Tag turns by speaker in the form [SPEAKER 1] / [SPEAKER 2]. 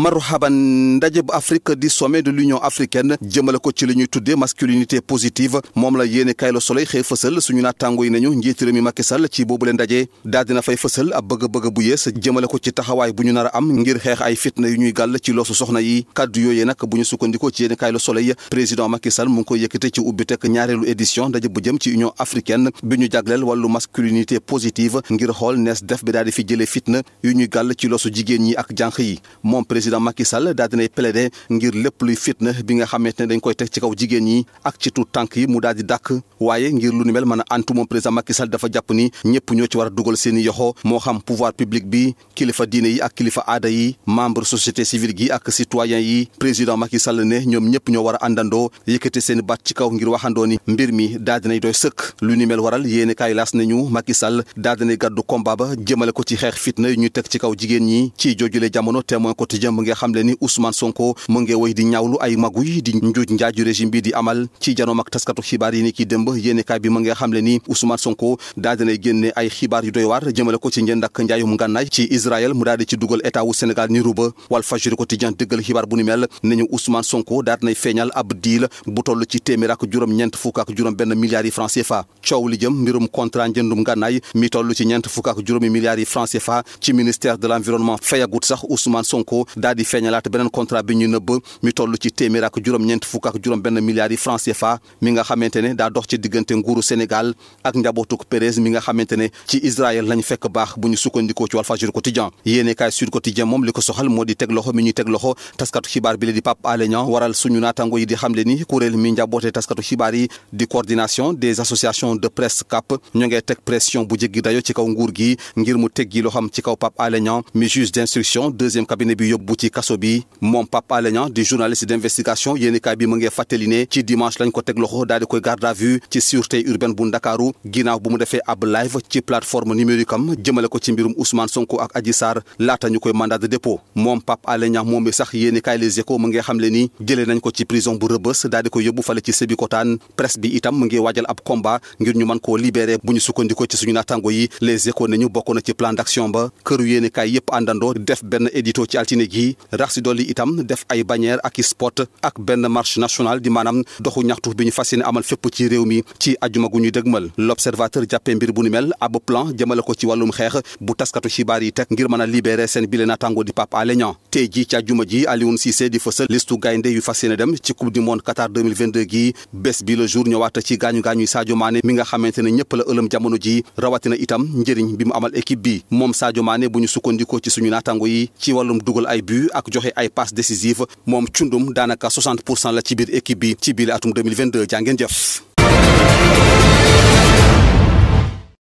[SPEAKER 1] marhaban ndaje bu Afrique di sommet de l'Union africaine jëmale ko ci li ñuy tuddee masculinité positive moom la yéene kaay la Soleil xëy fësal suñu naataango yi nañu njiitu réew mi Macky Sall ci boobu leen ndaje daal dina fay fësal ab bëgg-bëgg bu yees jëmale ko ci taxawaay bu ñu nar am ngir xeex ay fitna yu ñuy gàll ci losu soxna yi kaddu yooyee nag bu ñu sukkandikoo ci yéene kaay la Soleil président Macky Sall mu ngi koy yëkkate ci ubbi tek ñaareelu édition ndaje bu jëm ci Union africaine bi ñu jagleel wàllu masculinité positive ngir xool nees def bi daal di fi jëlee fitna yu ñuy gàll ci loosu jigéen ñi ak jànq yi président Macky Sall daal dinay plaider ngir lépp luy fitna bi nga xamante ne dañ koy teg ci kaw jigéen ñi ak ci tuut tànk yi mu daal di dàkk waaye ngir lu ni mel mën a antu moom dafa jàpp ni ñëpp ñoo ci war a dugal seen i yoxo moo xam pouvoir public bi kilifa diine yi ak kilifa aada yi membre société civile gi ak citoyen yi président Macky ne ñoom ñëpp ñoo war a àndandoo seen baat ci kaw ngir waxandoo ni mbir mi daal dinay doy sëkk lu ni mel waral yéene kaay laas nañu Macky Sall daal dinay gàddu combat mu ngi xamle ni Ousmane Sonko mu ngi woy di ñaawlu ay magu di njuuj njaaju régime bi amal ci janoom ak taskatu xibaar ni ki démb yéenekaay bi mu ngi xamle ni Ousmane Sonko daal dinay génne ay xibaar yu jëmale ko ci njënd ak njaayum ngànnaay ci Israël mu daal di ci dugal état wu Sénégal ni ruba Walf Fadjri quotidien dëggal xibaar bu ni mel ne ñu Ousmane Sonko daal dinay feeñal ab diil bu toll ci téeméer ak juróom ñeent fukk ak juróom benn milliards daal di feeñalaat beneen contrat bi ñu nëbb mi toll ci téeméer ak juróom-ñeent fukk ak juróom benn milliards yi franc mi nga xamante ne daa dox ci diggante nguuru Sénégal ak njabootuk Pérez mi nga xamante ne ci Israël lañu fekk baax bu ñu sukkandikoo ci Walfadjri quotidien yéene kaay Sud Quotidien moom li ko soxal teg loxo mi ñuy teg loxo taskatu xibaar bi di Pape Alé waral suñu naatango yi di xamle ni kuréel mi njaboote taskatu xibaar ci kaso bi moom Pape Alé Niang di journaliste d'investigation ka bi mu ngi fàttali ne ci dimanche lañ ko teg loxo daal koy garde à vue ci sûreté urbaine bu Ndakaaru ginnaaw bu mu defee ab live ci plateforme numérique am jëmale ko ci mbirum Ousmane Sonko ak Adji Sarr laata ñu koy mandat de dépôt moom Pape Alé moom mi sax yéenekaay Les Échos mu ngi xam le ni jëlee nañ ko ci prison bu Rebeuss daal di koy yóbbu fale ci Sébikotane presse bi itam mu ngi waajal koo libérer bu ñu sukkandikoo ci suñu naataango yi Les Échos ne ñu bokk na ci plan d'action ba këru yéenekaay yépp def benn édito ci altine yi rax si dolli itam def ay bannière ak i spot ak benn marche nationale di maanaam doxu ñaxtu bi ñu fas amal fépp ci réew mi ci ajuma gu ñuy dëgmal l'observateur jàppee mbir bu ni mel ab plan jëmale ko ci wàllum xeex bu taskatu xibaar yi teg ngir mën a libéré seen bile naataango di Pape Alé Niang tey ci ajuma ji Alioune Cissé di fësal listu gaynde yu fas dem ci coupe du monde Qatar 2022 bés bi jour ñëwaat ci gaañu gaañuy Sadio mi nga xamante but ak joxe ay passes décisives moom Thioundoume daanaka 60 pour cent la ci biir équipe bi ci biir atum 2022 jaa ngeen jëf.